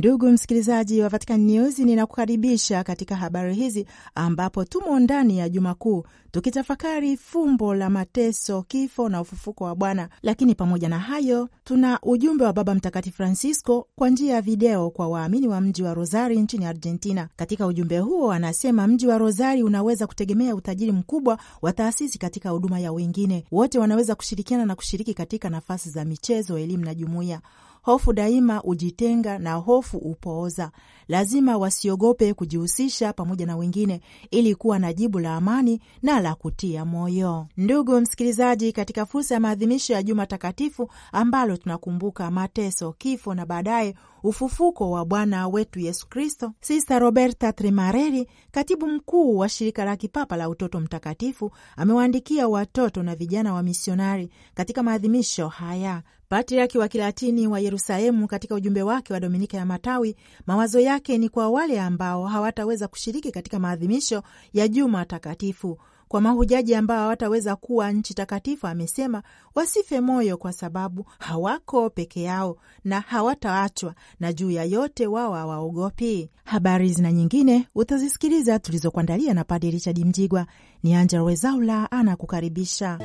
Ndugu msikilizaji wa Vatican News, ninakukaribisha katika habari hizi ambapo tumo ndani ya Juma Kuu tukitafakari fumbo la mateso, kifo na ufufuko wa Bwana. Lakini pamoja na hayo, tuna ujumbe wa Baba Mtakatifu Francisco kwa njia ya video kwa waamini wa mji wa Rosari nchini Argentina. Katika ujumbe huo, anasema mji wa Rosari unaweza kutegemea utajiri mkubwa wa taasisi katika huduma ya wengine. Wote wanaweza kushirikiana na kushiriki katika nafasi za michezo, elimu na jumuiya. Hofu daima hujitenga na hofu hupooza Lazima wasiogope kujihusisha pamoja na wengine ili kuwa na jibu la amani na la kutia moyo. Ndugu msikilizaji, katika fursa ya maadhimisho ya Juma Takatifu ambalo tunakumbuka mateso, kifo na baadaye ufufuko wa Bwana wetu Yesu Kristo. Sista Roberta Tremareri, katibu mkuu wa shirika la kipapa la utoto mtakatifu, amewaandikia watoto na vijana wa misionari katika maadhimisho haya. Patriaki wa Kilatini wa Yerusalemu katika ujumbe wake wa Dominika ya Matawi, mawazo yake ni kwa wale ambao hawataweza kushiriki katika maadhimisho ya Juma Takatifu, kwa mahujaji ambao hawataweza kuwa nchi takatifu, amesema wasife moyo, kwa sababu hawako peke yao na hawataachwa, na juu ya yote wao hawaogopi. Habari zina nyingine utazisikiliza tulizokuandalia na Padre Richard Mjigwa. Ni Angella wezaula anakukaribisha.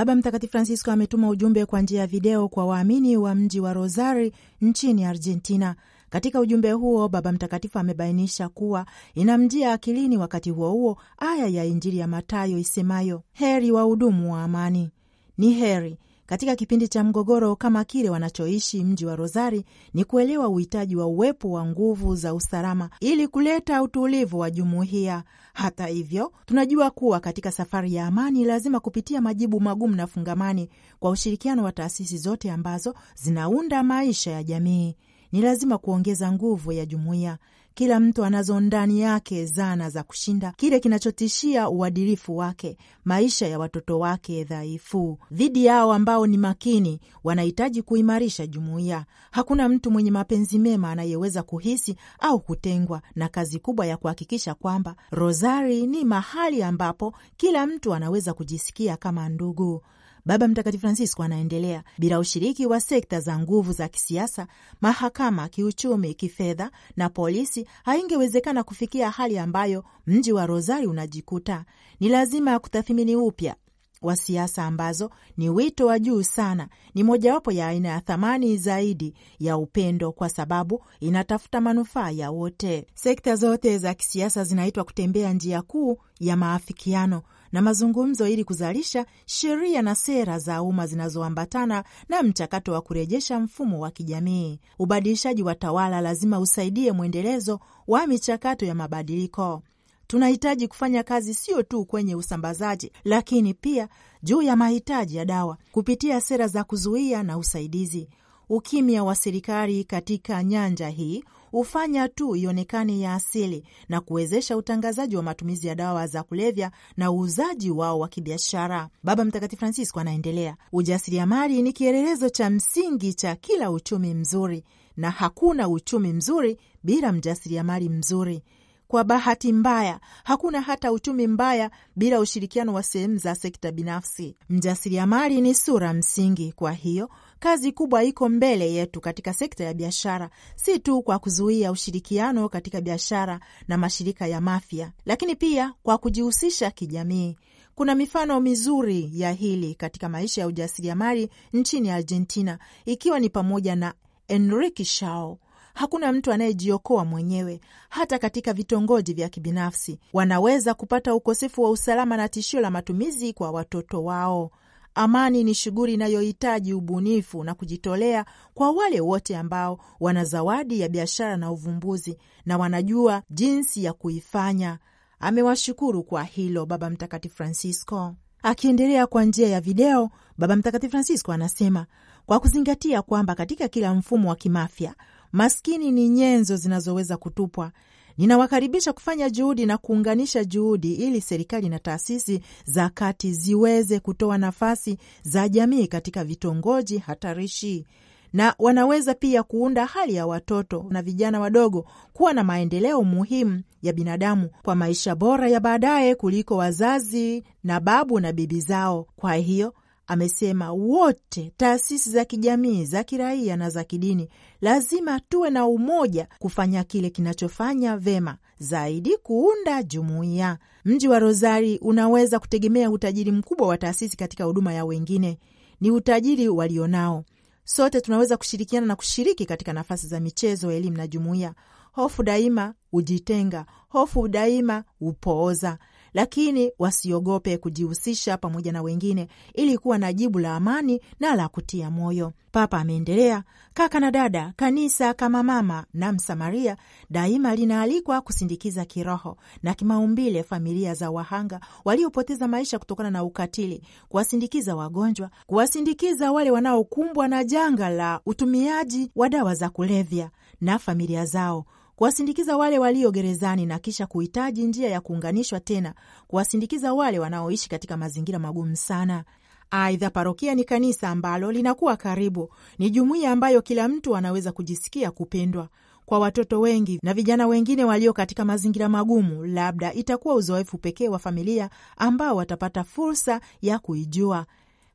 Baba Mtakatifu Francisco ametuma ujumbe kwa njia ya video kwa waamini wa mji wa Rosari nchini Argentina. Katika ujumbe huo Baba Mtakatifu amebainisha kuwa inamjia akilini wakati huo huo aya ya Injili ya Mathayo isemayo, heri wahudumu wa amani. Ni heri katika kipindi cha mgogoro kama kile wanachoishi mji wa Rozari ni kuelewa uhitaji wa uwepo wa nguvu za usalama ili kuleta utulivu wa jumuiya. Hata hivyo, tunajua kuwa katika safari ya amani lazima kupitia majibu magumu na fungamani kwa ushirikiano wa taasisi zote ambazo zinaunda maisha ya jamii. Ni lazima kuongeza nguvu ya jumuiya kila mtu anazo ndani yake zana za kushinda kile kinachotishia uadilifu wake, maisha ya watoto wake dhaifu. Dhidi yao ambao ni makini, wanahitaji kuimarisha jumuiya. Hakuna mtu mwenye mapenzi mema anayeweza kuhisi au kutengwa na kazi kubwa ya kuhakikisha kwamba rozari ni mahali ambapo kila mtu anaweza kujisikia kama ndugu. Baba Mtakatifu Francisco anaendelea, bila ushiriki wa sekta za nguvu za kisiasa, mahakama, kiuchumi, kifedha na polisi, haingewezekana kufikia hali ambayo mji wa rosari unajikuta. Ni lazima kutathimini upya wa siasa ambazo ni wito wa juu sana, ni mojawapo ya aina ya thamani zaidi ya upendo, kwa sababu inatafuta manufaa ya wote. Sekta zote za kisiasa zinaitwa kutembea njia kuu ya maafikiano na mazungumzo ili kuzalisha sheria na sera za umma zinazoambatana na mchakato wa kurejesha mfumo wa kijamii. Ubadilishaji wa tawala lazima usaidie mwendelezo wa michakato ya mabadiliko. Tunahitaji kufanya kazi sio tu kwenye usambazaji, lakini pia juu ya mahitaji ya dawa kupitia sera za kuzuia na usaidizi. Ukimya wa serikali katika nyanja hii hufanya tu ionekane ya asili na kuwezesha utangazaji wa matumizi ya dawa za kulevya na uuzaji wao wa kibiashara. Baba Mtakatifu Francisco anaendelea, ujasiriamali ni kielelezo cha msingi cha kila uchumi mzuri, na hakuna uchumi mzuri bila mjasiriamali mzuri. Kwa bahati mbaya, hakuna hata uchumi mbaya bila ushirikiano wa sehemu za sekta binafsi. Mjasiriamali ni sura msingi, kwa hiyo Kazi kubwa iko mbele yetu katika sekta ya biashara, si tu kwa kuzuia ushirikiano katika biashara na mashirika ya Mafia, lakini pia kwa kujihusisha kijamii. Kuna mifano mizuri ya hili katika maisha ya ujasiriamali nchini Argentina, ikiwa ni pamoja na Enrique Shao. Hakuna mtu anayejiokoa mwenyewe. Hata katika vitongoji vya kibinafsi, wanaweza kupata ukosefu wa usalama na tishio la matumizi kwa watoto wao. Amani ni shughuli inayohitaji ubunifu na kujitolea kwa wale wote ambao wana zawadi ya biashara na uvumbuzi na wanajua jinsi ya kuifanya. Amewashukuru kwa hilo Baba Mtakatifu Francisco. Akiendelea kwa njia ya video, Baba Mtakatifu Francisco anasema kwa kuzingatia kwamba katika kila mfumo wa kimafya maskini ni nyenzo zinazoweza kutupwa Ninawakaribisha kufanya juhudi na kuunganisha juhudi ili serikali na taasisi za kati ziweze kutoa nafasi za jamii katika vitongoji hatarishi na wanaweza pia kuunda hali ya watoto na vijana wadogo kuwa na maendeleo muhimu ya binadamu kwa maisha bora ya baadaye kuliko wazazi na babu na bibi zao. Kwa hiyo amesema wote, taasisi za kijamii, za kiraia na za kidini, lazima tuwe na umoja kufanya kile kinachofanya vema zaidi, kuunda jumuiya. Mji wa Rozari unaweza kutegemea utajiri mkubwa wa taasisi katika huduma ya wengine, ni utajiri walionao. Sote tunaweza kushirikiana na kushiriki katika nafasi za michezo, elimu na jumuiya. Hofu daima hujitenga, hofu daima hupooza lakini wasiogope kujihusisha pamoja na wengine ili kuwa na jibu la amani na la kutia moyo. Papa ameendelea, kaka na dada, kanisa kama mama na Msamaria daima linaalikwa kusindikiza kiroho na kimaumbile familia za wahanga waliopoteza maisha kutokana na ukatili, kuwasindikiza wagonjwa, kuwasindikiza wale wanaokumbwa na janga la utumiaji wa dawa za kulevya na familia zao kuwasindikiza wale walio gerezani na kisha kuhitaji njia ya kuunganishwa tena kuwasindikiza wale wanaoishi katika mazingira magumu sana. Aidha, parokia ni kanisa ambalo linakuwa karibu, ni jumuiya ambayo kila mtu anaweza kujisikia kupendwa. Kwa watoto wengi na vijana wengine walio katika mazingira magumu, labda itakuwa uzoefu pekee wa familia ambao watapata fursa ya kuijua.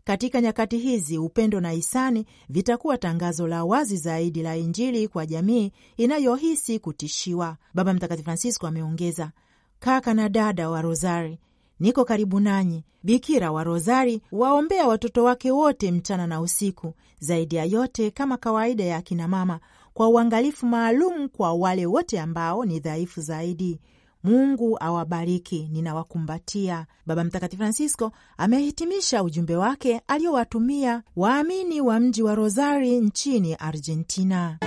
Katika nyakati hizi upendo na hisani vitakuwa tangazo la wazi zaidi la Injili kwa jamii inayohisi kutishiwa. Baba Mtakatifu Francisco ameongeza, kaka na dada wa Rozari, niko karibu nanyi. Bikira wa Rozari waombea watoto wake wote mchana na usiku, zaidi ya yote kama kawaida ya akinamama, kwa uangalifu maalum kwa wale wote ambao ni dhaifu zaidi. Mungu awabariki, ninawakumbatia. Baba Mtakatifu Francisco amehitimisha ujumbe wake aliowatumia waamini wa mji wa Rosari nchini Argentina.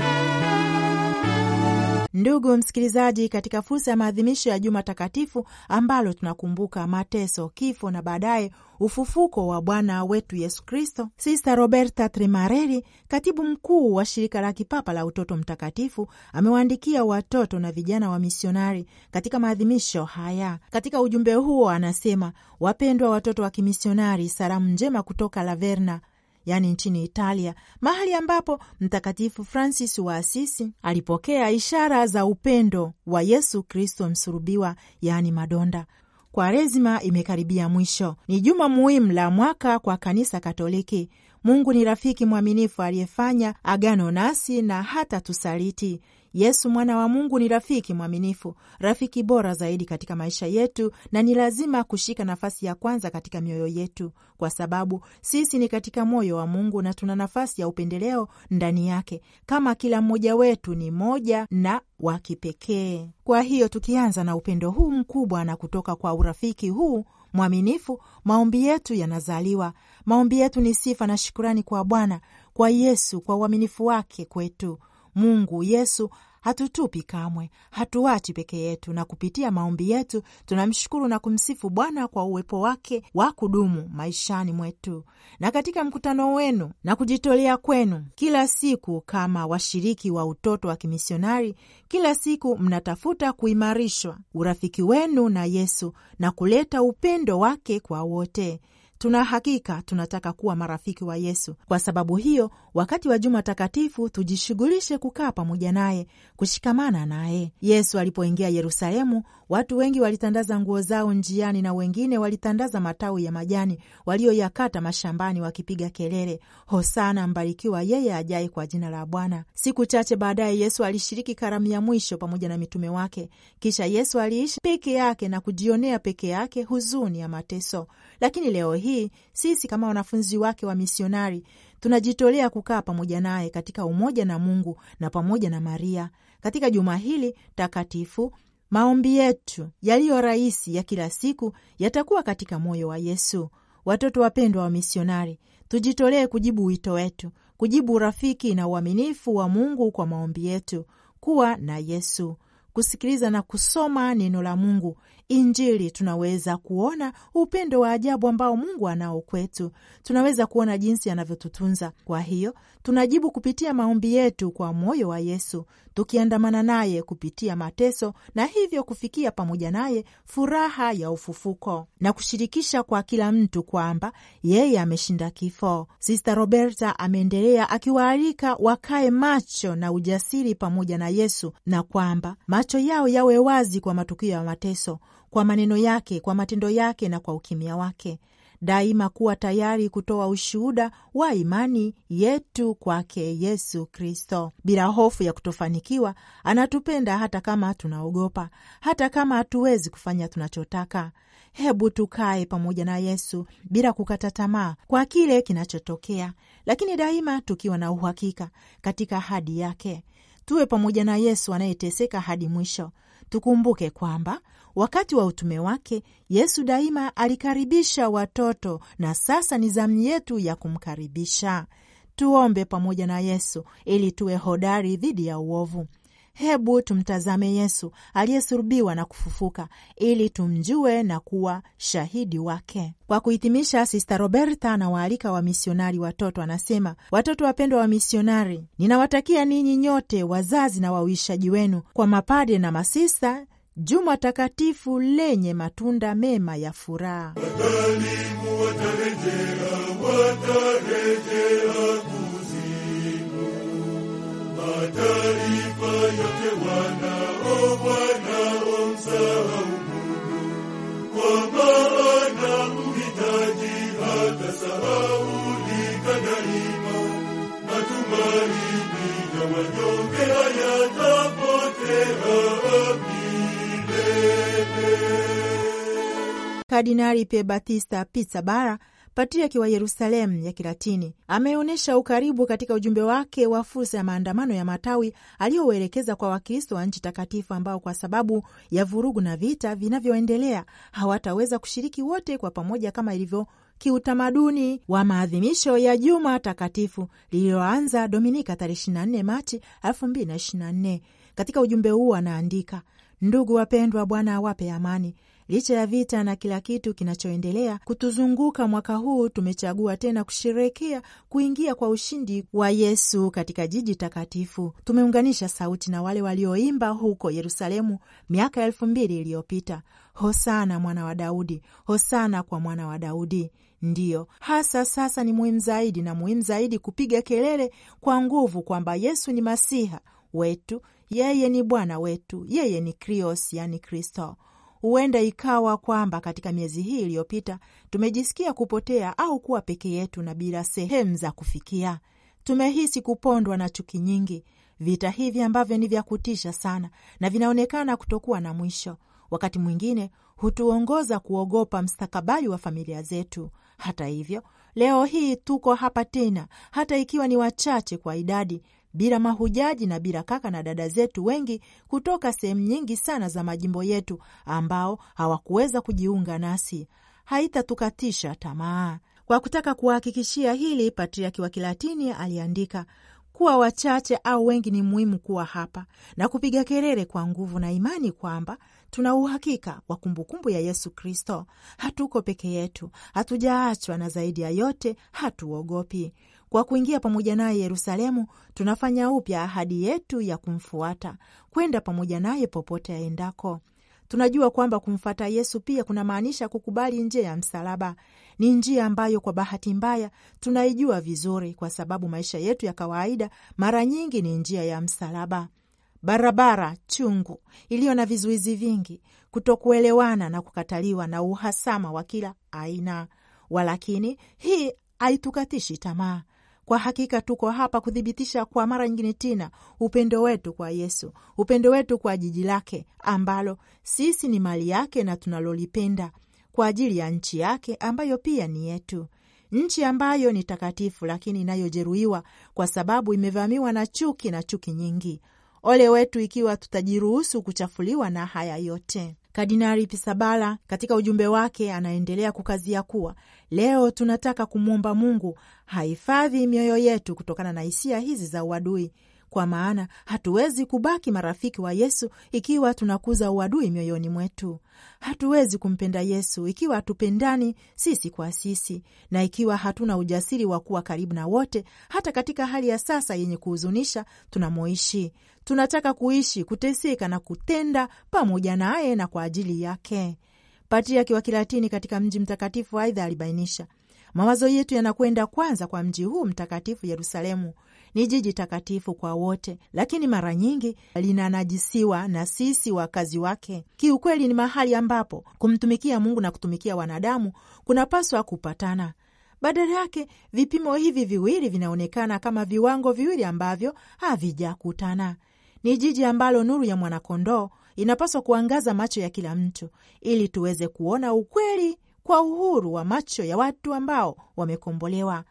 Ndugu msikilizaji, katika fursa ya maadhimisho ya Juma Takatifu ambalo tunakumbuka mateso, kifo na baadaye ufufuko wa Bwana wetu Yesu Kristo, Sista Roberta trimareli katibu mkuu wa shirika la kipapa la Utoto Mtakatifu, amewaandikia watoto na vijana wa misionari katika maadhimisho haya. Katika ujumbe huo anasema: wapendwa watoto wa kimisionari, salamu njema kutoka Laverna yaani nchini Italia, mahali ambapo Mtakatifu Francis wa Asisi alipokea ishara za upendo wa Yesu Kristo msurubiwa, yaani madonda. Kwaresima imekaribia mwisho. Ni juma muhimu la mwaka kwa kanisa Katoliki. Mungu ni rafiki mwaminifu aliyefanya agano nasi na hata tusaliti. Yesu mwana wa Mungu ni rafiki mwaminifu, rafiki bora zaidi katika maisha yetu, na ni lazima kushika nafasi ya kwanza katika mioyo yetu, kwa sababu sisi ni katika moyo wa Mungu na tuna nafasi ya upendeleo ndani yake, kama kila mmoja wetu ni moja na wa kipekee. Kwa hiyo tukianza na upendo huu mkubwa na kutoka kwa urafiki huu mwaminifu, maombi yetu yanazaliwa. Maombi yetu ni sifa na shukurani kwa Bwana, kwa Yesu, kwa uaminifu wake kwetu. Mungu Yesu hatutupi kamwe, hatuachi peke yetu, na kupitia maombi yetu tunamshukuru na kumsifu Bwana kwa uwepo wake wa kudumu maishani mwetu. Na katika mkutano wenu na kujitolea kwenu kila siku, kama washiriki wa utoto wa kimisionari, kila siku mnatafuta kuimarishwa urafiki wenu na Yesu na kuleta upendo wake kwa wote. Tuna hakika tunataka kuwa marafiki wa Yesu. Kwa sababu hiyo, wakati wa Juma Takatifu tujishughulishe kukaa pamoja naye, kushikamana naye. Yesu alipoingia Yerusalemu, watu wengi walitandaza nguo zao njiani na wengine walitandaza matawi ya majani walioyakata mashambani, wakipiga kelele, Hosana, mbarikiwa yeye ajaye kwa jina la Bwana. Siku chache baadaye, Yesu alishiriki karamu ya mwisho pamoja na mitume wake. Kisha Yesu aliishi peke yake na kujionea peke yake huzuni ya mateso, lakini leo hii hii sisi kama wanafunzi wake wa misionari tunajitolea kukaa pamoja naye katika umoja na Mungu na pamoja na Maria katika juma hili takatifu. Maombi yetu yaliyo rahisi ya kila siku yatakuwa katika moyo wa Yesu. Watoto wapendwa wa misionari, tujitolee kujibu wito wetu, kujibu urafiki na uaminifu wa Mungu kwa maombi yetu, kuwa na Yesu, kusikiliza na kusoma neno la Mungu Injili tunaweza kuona upendo wa ajabu ambao Mungu anao kwetu. Tunaweza kuona jinsi anavyotutunza. Kwa hiyo tunajibu kupitia maombi yetu kwa moyo wa Yesu, tukiandamana naye kupitia mateso na hivyo kufikia pamoja naye furaha ya ufufuko na kushirikisha kwa kila mtu kwamba yeye ameshinda kifo. Sista Roberta ameendelea akiwaalika wakae macho na ujasiri pamoja na Yesu na kwamba macho yao yawe wazi kwa matukio ya mateso kwa maneno yake, kwa matendo yake na kwa ukimya wake, daima kuwa tayari kutoa ushuhuda wa imani yetu kwake Yesu Kristo. Bila hofu ya kutofanikiwa, anatupenda hata kama tunaogopa, hata kama hatuwezi kufanya tunachotaka. Hebu tukae pamoja na Yesu bila kukata tamaa kwa kile kinachotokea, lakini daima tukiwa na uhakika katika ahadi yake. Tuwe pamoja na Yesu anayeteseka hadi mwisho. Tukumbuke kwamba Wakati wa utume wake Yesu daima alikaribisha watoto, na sasa ni zamu yetu ya kumkaribisha. Tuombe pamoja na Yesu ili tuwe hodari dhidi ya uovu. Hebu tumtazame Yesu aliyesulubiwa na kufufuka ili tumjue na kuwa shahidi wake. Kwa kuhitimisha, Sista Roberta anawaalika wamisionari watoto, anasema: watoto wapendwa wamisionari, ninawatakia ninyi nyote, wazazi na wawishaji wenu, kwa mapade na masista juma takatifu lenye matunda mema ya furaha. Wadhalimu watarejea, watarejea kuzimu. Mataifa yote wanao, wanaomsahau Mungu, kwa maana mhitaji hatasahaulika daima. Matumaini ya wanyonge hayatapotea. Kardinali Pier Battista bara Patriaki wa Yerusalemu ya Kilatini, ameonyesha ukaribu katika ujumbe wake wa fursa ya maandamano ya matawi aliyowelekeza kwa Wakristo wa nchi takatifu ambao kwa sababu ya vurugu na vita vinavyoendelea hawataweza kushiriki wote kwa pamoja kama ilivyo kiutamaduni wa maadhimisho ya Juma Takatifu lililoanza Dominika tarehe 24 Machi 2024. Katika ujumbe huu anaandika: Ndugu wapendwa, Bwana awape amani. Licha ya vita na kila kitu kinachoendelea kutuzunguka, mwaka huu tumechagua tena kusherehekea kuingia kwa ushindi wa Yesu katika jiji takatifu. Tumeunganisha sauti na wale walioimba huko Yerusalemu miaka elfu mbili iliyopita, hosana mwana wa Daudi, hosana kwa mwana wa Daudi. Ndiyo hasa sasa ni muhimu zaidi na muhimu zaidi kupiga kelele kwa nguvu kwamba Yesu ni Masiha wetu yeye ni Bwana wetu, yeye ni Krios, yani Kristo. Huenda ikawa kwamba katika miezi hii iliyopita tumejisikia kupotea au kuwa peke yetu na bila sehemu za kufikia. Tumehisi kupondwa na chuki nyingi, vita hivi ambavyo ni vya kutisha sana na vinaonekana kutokuwa na mwisho. Wakati mwingine hutuongoza kuogopa mstakabali wa familia zetu. Hata hivyo, leo hii tuko hapa tena, hata ikiwa ni wachache kwa idadi, bila mahujaji na bila kaka na dada zetu wengi kutoka sehemu nyingi sana za majimbo yetu ambao hawakuweza kujiunga nasi. Haitatukatisha tamaa. Kwa kutaka kuwahakikishia hili, patriaki wa Kilatini aliandika kuwa wachache au wengi, ni muhimu kuwa hapa na kupiga kelele kwa nguvu na imani kwamba tuna uhakika wa kumbukumbu ya Yesu Kristo. Hatuko peke yetu, hatujaachwa, na zaidi ya yote hatuogopi. Kwa kuingia pamoja naye Yerusalemu, tunafanya upya ahadi yetu ya kumfuata, kwenda pamoja naye popote aendako. Tunajua kwamba kumfata Yesu pia kunamaanisha kukubali njia ya msalaba. Ni njia ambayo kwa bahati mbaya tunaijua vizuri, kwa sababu maisha yetu ya kawaida mara nyingi ni njia ya msalaba, barabara chungu iliyo na vizuizi vingi, kutokuelewana na kukataliwa na uhasama wa kila aina. Walakini hii haitukatishi tamaa. Kwa hakika tuko hapa kuthibitisha kwa mara nyingine tena upendo wetu kwa Yesu, upendo wetu kwa jiji lake ambalo sisi ni mali yake na tunalolipenda, kwa ajili ya nchi yake ambayo pia ni yetu, nchi ambayo ni takatifu lakini inayojeruhiwa kwa sababu imevamiwa na chuki na chuki nyingi. Ole wetu ikiwa tutajiruhusu kuchafuliwa na haya yote. Kardinari Pisabala katika ujumbe wake anaendelea kukazia kuwa leo tunataka kumwomba Mungu hahifadhi mioyo yetu kutokana na hisia hizi za uadui, kwa maana hatuwezi kubaki marafiki wa Yesu ikiwa tunakuza uadui mioyoni mwetu. Hatuwezi kumpenda Yesu ikiwa hatupendani sisi kwa sisi na ikiwa hatuna ujasiri wa kuwa karibu na wote, hata katika hali ya sasa yenye kuhuzunisha tunamoishi. Tunataka kuishi, kuteseka na kutenda pamoja naye na kwa ajili yake. Patriaki wa Kilatini katika mji mtakatifu aidha alibainisha, mawazo yetu yanakwenda kwanza kwa mji huu mtakatifu Yerusalemu. Ni jiji takatifu kwa wote, lakini mara nyingi linanajisiwa na sisi wakazi wake. Kiukweli ni mahali ambapo kumtumikia Mungu na kutumikia wanadamu kunapaswa kupatana. Badala yake vipimo hivi viwili vinaonekana kama viwango viwili ambavyo havijakutana. Ni jiji ambalo nuru ya mwanakondoo inapaswa kuangaza macho ya kila mtu ili tuweze kuona ukweli kwa uhuru wa macho ya watu ambao wamekombolewa.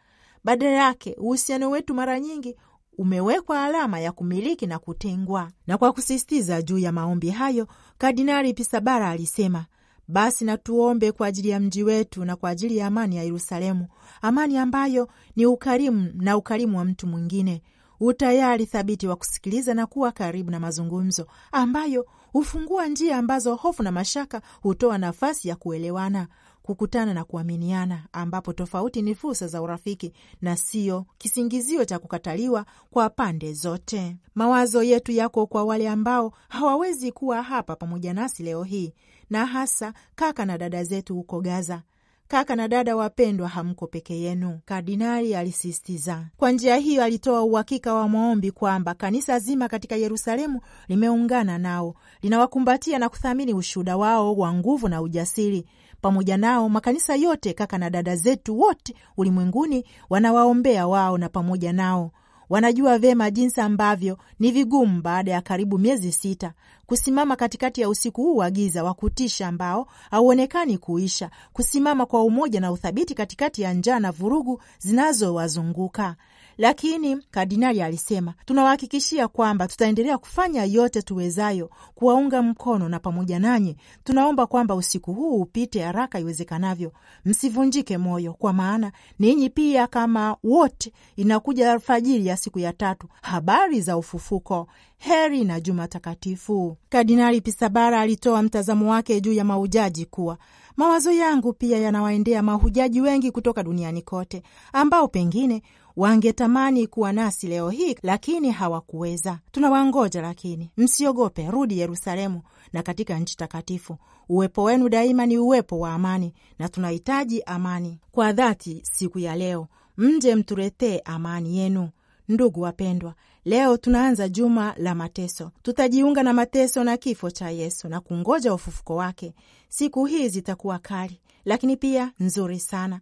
Badala yake, uhusiano wetu mara nyingi umewekwa alama ya kumiliki na kutengwa. Na kwa kusisitiza juu ya maombi hayo, Kardinali Pisabara alisema basi na tuombe kwa ajili ya mji wetu na kwa ajili ya amani ya Yerusalemu, amani ambayo ni ukarimu na ukarimu wa mtu mwingine, utayari thabiti wa kusikiliza na kuwa karibu na mazungumzo ambayo hufungua njia ambazo hofu na mashaka hutoa nafasi ya kuelewana, kukutana na kuaminiana, ambapo tofauti ni fursa za urafiki na sio kisingizio cha kukataliwa kwa pande zote. Mawazo yetu yako kwa wale ambao hawawezi kuwa hapa pamoja nasi leo hii, na hasa kaka na dada zetu huko Gaza Kaka na dada wapendwa, hamko peke yenu, kardinali alisisitiza. Kwa njia hiyo alitoa uhakika wa maombi kwamba kanisa zima katika Yerusalemu limeungana nao, linawakumbatia na kuthamini ushuhuda wao wa nguvu na ujasiri. Pamoja nao makanisa yote, kaka na dada zetu wote ulimwenguni wanawaombea wao, na pamoja nao Wanajua vema jinsi ambavyo ni vigumu baada ya karibu miezi sita kusimama katikati ya usiku huu wa giza wa kutisha ambao hauonekani kuisha, kusimama kwa umoja na uthabiti katikati ya njaa na vurugu zinazowazunguka lakini kardinali alisema, tunawahakikishia kwamba tutaendelea kufanya yote tuwezayo kuwaunga mkono, na pamoja nanyi tunaomba kwamba usiku huu upite haraka iwezekanavyo. Msivunjike moyo, kwa maana ninyi pia kama wote inakuja alfajiri ya siku ya tatu, habari za ufufuko, heri na juma takatifu. Kardinali Pisabara alitoa mtazamo wake juu ya mahujaji kuwa mawazo yangu pia yanawaendea mahujaji wengi kutoka duniani kote ambao pengine wangetamani kuwa nasi leo hii, lakini hawakuweza. Tunawangoja, lakini msiogope, rudi Yerusalemu na katika nchi takatifu. Uwepo wenu daima ni uwepo wa amani, na tunahitaji amani kwa dhati siku ya leo. Mje mturetee amani yenu. Ndugu wapendwa, leo tunaanza juma la mateso. Tutajiunga na mateso na kifo cha Yesu na kungoja ufufuko wake. Siku hii zitakuwa kali, lakini pia nzuri sana.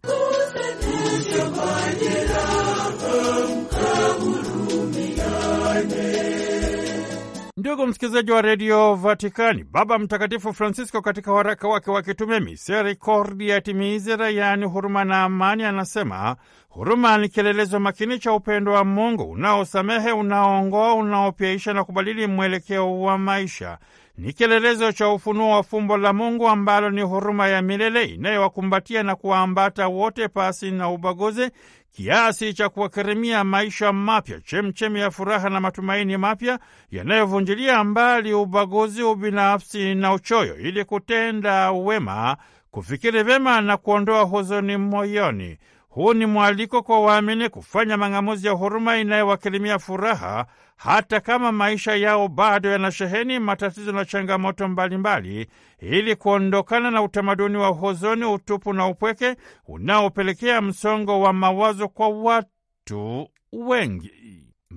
Ndugu msikilizaji wa redio Vatikani, Baba Mtakatifu Francisco katika waraka wake wa kitume Misericordia Timiizira, yaani huruma na amani, anasema huruma ni kielelezo makini cha upendo wa Mungu unaosamehe, unaoongoa, unaopyaisha na kubadili mwelekeo wa maisha ni kielelezo cha ufunuo wa fumbo la Mungu ambalo ni huruma ya milele inayowakumbatia na kuwaambata wote pasi na ubaguzi, kiasi cha kuwakirimia maisha mapya, chemchemi ya furaha na matumaini mapya yanayovunjilia mbali ubaguzi, ubinafsi na uchoyo, ili kutenda wema, kufikiri vyema na kuondoa huzuni moyoni. Huu ni mwaliko kwa waamini kufanya mang'amuzi ya huruma inayowakirimia furaha hata kama maisha yao bado yanasheheni matatizo na changamoto mbalimbali, ili kuondokana na utamaduni wa huzuni, utupu na upweke unaopelekea msongo wa mawazo kwa watu wengi.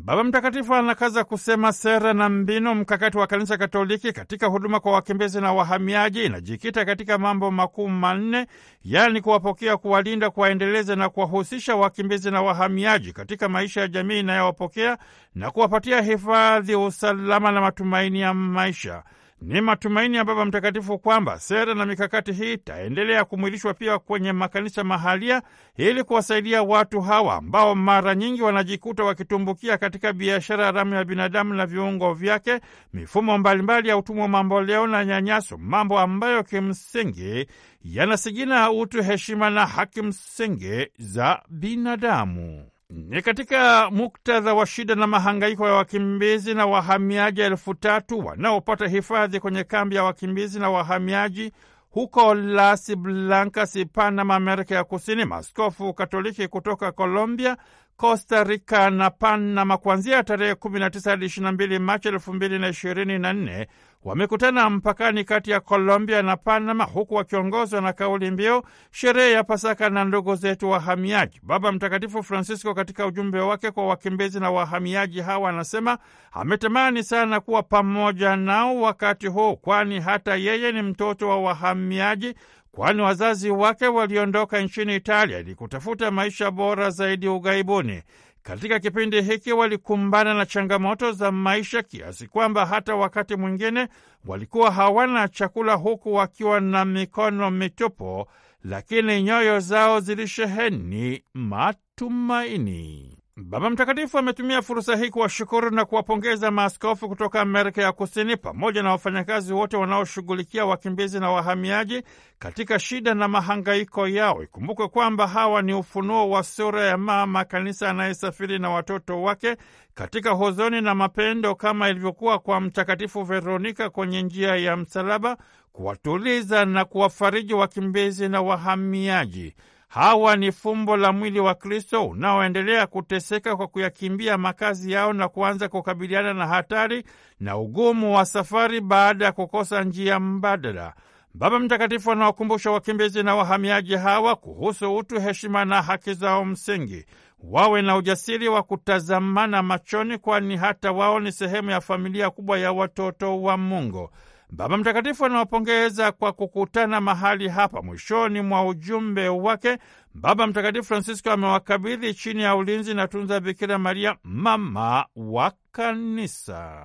Baba Mtakatifu anakaza kusema sera na mbinu mkakati wa Kanisa Katoliki katika huduma kwa wakimbizi na wahamiaji inajikita katika mambo makuu manne, yaani kuwapokea, kuwalinda, kuwaendeleza na kuwahusisha wakimbizi na wahamiaji katika maisha ya jamii inayowapokea na kuwapatia hifadhi, usalama na matumaini ya maisha. Ni matumaini ya Baba Mtakatifu kwamba sera na mikakati hii itaendelea kumwilishwa pia kwenye makanisa mahalia ili kuwasaidia watu hawa ambao mara nyingi wanajikuta wakitumbukia katika biashara haramu ya binadamu na viungo vyake, mifumo mbalimbali ya utumwa mamboleo na nyanyaso, mambo ambayo kimsingi yanasigina utu, heshima na haki msingi za binadamu. Ni katika muktadha wa shida na mahangaiko ya wakimbizi na wahamiaji elfu tatu wanaopata hifadhi kwenye kambi ya wakimbizi na wahamiaji huko Las Blancas, Panama, Amerika ya Kusini, maskofu Katoliki kutoka Colombia, Costa Rica na Panama kuanzia tarehe 19 hadi 22 Machi 2024 wamekutana mpakani kati ya Colombia na Panama, huku wakiongozwa na kauli mbiu sherehe ya Pasaka na ndugu zetu wahamiaji. Baba Mtakatifu Francisco, katika ujumbe wake kwa wakimbizi na wahamiaji hawa, anasema ametamani sana kuwa pamoja nao wakati huu, kwani hata yeye ni mtoto wa wahamiaji kwani wazazi wake waliondoka nchini Italia ili kutafuta maisha bora zaidi ughaibuni. Katika kipindi hiki walikumbana na changamoto za maisha kiasi kwamba hata wakati mwingine walikuwa hawana chakula huku wakiwa na mikono mitupu, lakini nyoyo zao zilisheheni matumaini. Baba Mtakatifu ametumia fursa hii kuwashukuru na kuwapongeza maaskofu kutoka Amerika ya Kusini pamoja na wafanyakazi wote wanaoshughulikia wakimbizi na wahamiaji katika shida na mahangaiko yao. Ikumbukwe kwamba hawa ni ufunuo wa sura ya mama kanisa anayesafiri na watoto wake katika huzuni na mapendo, kama ilivyokuwa kwa Mtakatifu Veronika kwenye njia ya msalaba, kuwatuliza na kuwafariji wakimbizi na wahamiaji. Hawa ni fumbo la mwili wa Kristo unaoendelea kuteseka kwa kuyakimbia makazi yao na kuanza kukabiliana na hatari na ugumu wa safari baada ya kukosa njia mbadala. Baba Mtakatifu anawakumbusha wakimbizi na wahamiaji hawa kuhusu utu, heshima na haki zao msingi. Wawe na ujasiri wa kutazamana machoni, kwani hata wao ni sehemu ya familia kubwa ya watoto wa Mungu. Baba Mtakatifu anawapongeza kwa kukutana mahali hapa. Mwishoni mwa ujumbe wake, Baba Mtakatifu Francisco amewakabidhi chini ya ulinzi na tunza Bikira Maria, mama wa Kanisa.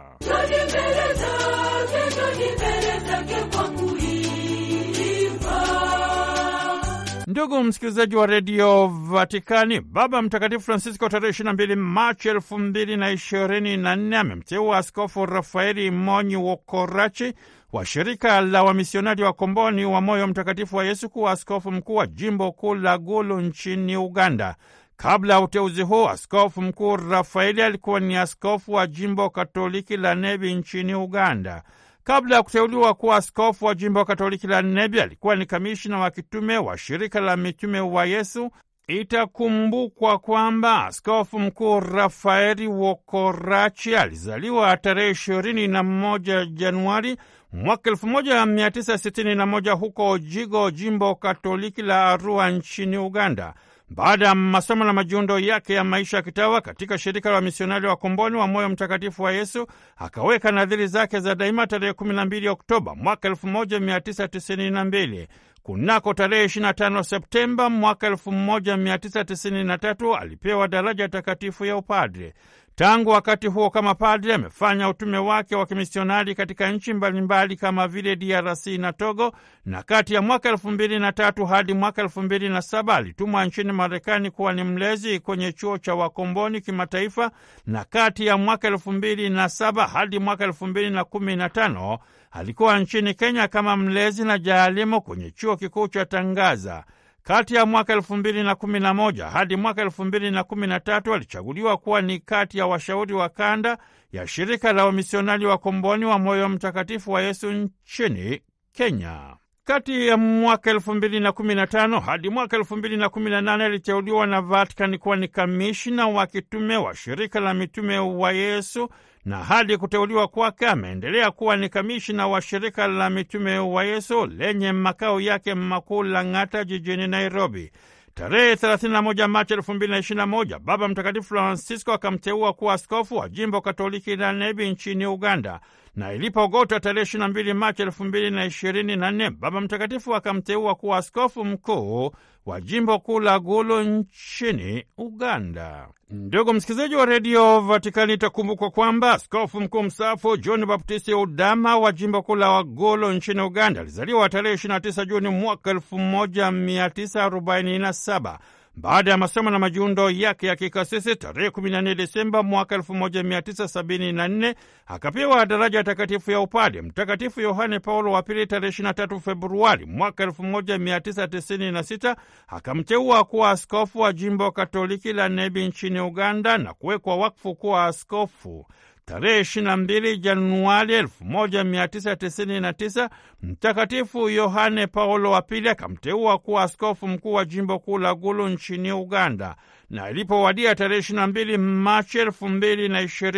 Ndugu msikilizaji wa redio Vatikani, Baba Mtakatifu Francisco tarehe 22 Machi elfu mbili na ishirini na nne amemteua Askofu Rafaeli Monyi wokorachi wa shirika la wamisionari wa Komboni wa Moyo Mtakatifu wa Yesu kuwa askofu mkuu wa jimbo kuu la Gulu nchini Uganda. Kabla ya uteuzi huu, askofu mkuu Rafaeli alikuwa ni askofu wa jimbo katoliki la Nebi nchini Uganda. Kabla ya kuteuliwa kuwa askofu wa jimbo katoliki la Nebi, alikuwa ni kamishina wa kitume wa shirika la mitume wa Yesu. Itakumbukwa kwamba askofu mkuu Rafaeli Wokorachi alizaliwa tarehe ishirini na moja Januari Mwaka 1961 huko jigo jimbo katoliki la Arua nchini Uganda. Baada ya masomo na majiundo yake ya maisha ya kitawa katika shirika la wamisionari wa Komboni wa Moyo Mtakatifu wa Yesu, akaweka nadhiri zake za daima tarehe 12 Oktoba mwaka 1992. Kunako tarehe 25 Septemba mwaka 1993 alipewa daraja takatifu ya upadre. Tangu wakati huo kama padre amefanya utume wake wa kimisionari katika nchi mbalimbali kama vile DRC na Togo, na kati ya mwaka elfu mbili na tatu hadi mwaka elfu mbili na saba alitumwa nchini Marekani kuwa ni mlezi kwenye chuo cha wakomboni kimataifa, na kati ya mwaka elfu mbili na saba hadi mwaka elfu mbili na kumi na tano alikuwa nchini Kenya kama mlezi na jaalimu kwenye chuo kikuu cha Tangaza. Kati ya mwaka elfu mbili na kumi na moja hadi mwaka elfu mbili na kumi na tatu alichaguliwa kuwa ni kati ya washauri wa kanda ya shirika la wamisionari wa komboni wa moyo mtakatifu wa Yesu nchini Kenya. Kati ya mwaka elfu mbili na kumi na tano hadi mwaka elfu mbili na kumi na nane aliteuliwa na Vatikani kuwa ni kamishina wa kitume wa shirika la mitume wa Yesu na hadi kuteuliwa kwake ameendelea kuwa ni kamishina wa shirika la mitume wa Yesu lenye makao yake makuu Lang'ata jijini Nairobi. Tarehe 31 Machi 2021 Baba Mtakatifu Francisco akamteua kuwa askofu wa jimbo Katoliki la Nebi nchini Uganda, na ilipogota tarehe 22 Machi 2024 Baba Mtakatifu akamteua kuwa askofu mkuu wa jimbo kuu la Gulu nchini Uganda. Ndugu msikilizaji wa redio Vatikani, itakumbukwa kwamba askofu mkuu mstaafu John Baptisti Udama wa jimbo kuu la Wagulu nchini Uganda alizaliwa tarehe 29 Juni mwaka 1947 baada ya masomo na majiundo yake ya kikasisi tarehe 14 Desemba mwaka 1974 akapewa daraja takatifu ya upade. Mtakatifu Yohane Paulo wa Pili tarehe 23 Februari mwaka 1996 akamteua kuwa askofu wa jimbo Katoliki la Nebi nchini Uganda na kuwekwa wakfu kuwa askofu tarehe 22 Januari 1999 Mtakatifu Yohane Paulo wa Pili akamteua kuwa askofu mkuu wa jimbo kuu la Gulu nchini Uganda na ilipowadia tarehe mbili Machi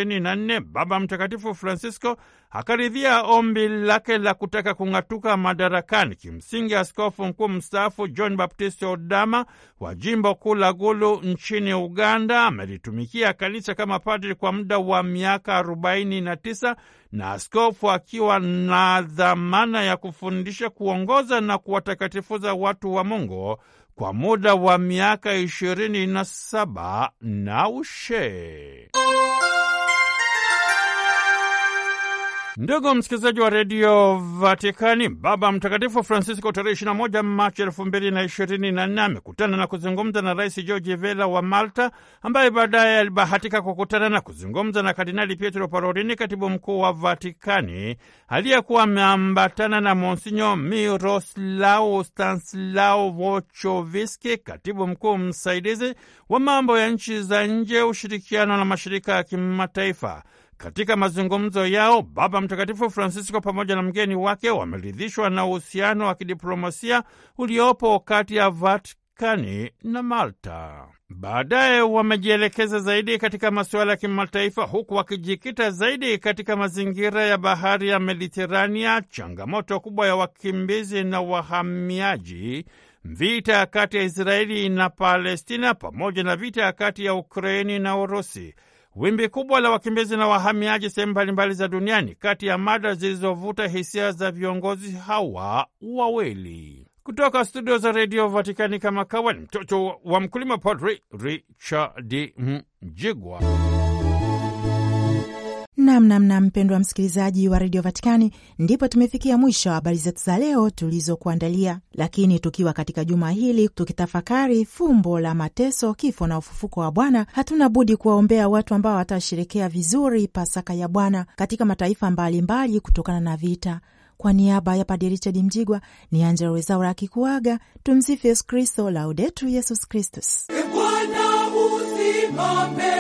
nne Baba Mtakatifu Francisco akaridhia ombi lake la kutaka kung'atuka madarakani. Kimsingi, askofu mkuu mstaafu John Baptist Odama wa jimbo kuu la Gulu nchini Uganda amelitumikia kanisa kama padri kwa muda wa miaka 49 na askofu akiwa na dhamana ya kufundisha, kuongoza na kuwatakatifuza watu wa Mungu kwa muda wa miaka ishirini na saba na ushee. Ndugu msikilizaji wa redio Vatikani, Baba Mtakatifu Francisco tarehe 21 Machi 2024 amekutana na kuzungumza na Rais George Vela wa Malta, ambaye baadaye alibahatika kukutana na kuzungumza na Kardinali Pietro Parolini, katibu mkuu wa Vatikani, aliyekuwa ameambatana na Monsinyo miroslau Stanslau Vochoviski, katibu mkuu msaidizi wa mambo ya nchi za nje, ushirikiano na mashirika ya kimataifa. Katika mazungumzo yao, Baba Mtakatifu Francisco pamoja na mgeni wake wameridhishwa na uhusiano wa kidiplomasia uliopo kati ya Vatikani na Malta. Baadaye wamejielekeza zaidi katika masuala ya kimataifa huku wakijikita zaidi katika mazingira ya bahari ya Mediterania, changamoto kubwa ya wakimbizi na wahamiaji, vita kati ya Israeli na Palestina pamoja na vita kati ya Ukraini na Urusi. Wimbi kubwa la wakimbizi na wahamiaji sehemu mbalimbali za duniani, kati ya mada zilizovuta hisia za viongozi hawa wawili. Kutoka studio za redio Vatikani, kama ni mtoto wa mkulima, Padri Richard Mjigwa. Namnamna mpendwa msikilizaji wa redio Vatikani, ndipo tumefikia mwisho wa habari zetu za leo tulizokuandalia. Lakini tukiwa katika juma hili tukitafakari fumbo la mateso, kifo na ufufuko wa Bwana, hatuna budi kuwaombea watu ambao watasherekea vizuri Pasaka ya Bwana katika mataifa mbalimbali mbali kutokana na vita. Kwa niaba ya Padre Richard Mjigwa ni Angela Wezaura akikuaga. Tumsifu Yesu Kristo, laudetu Yesus Kristus. E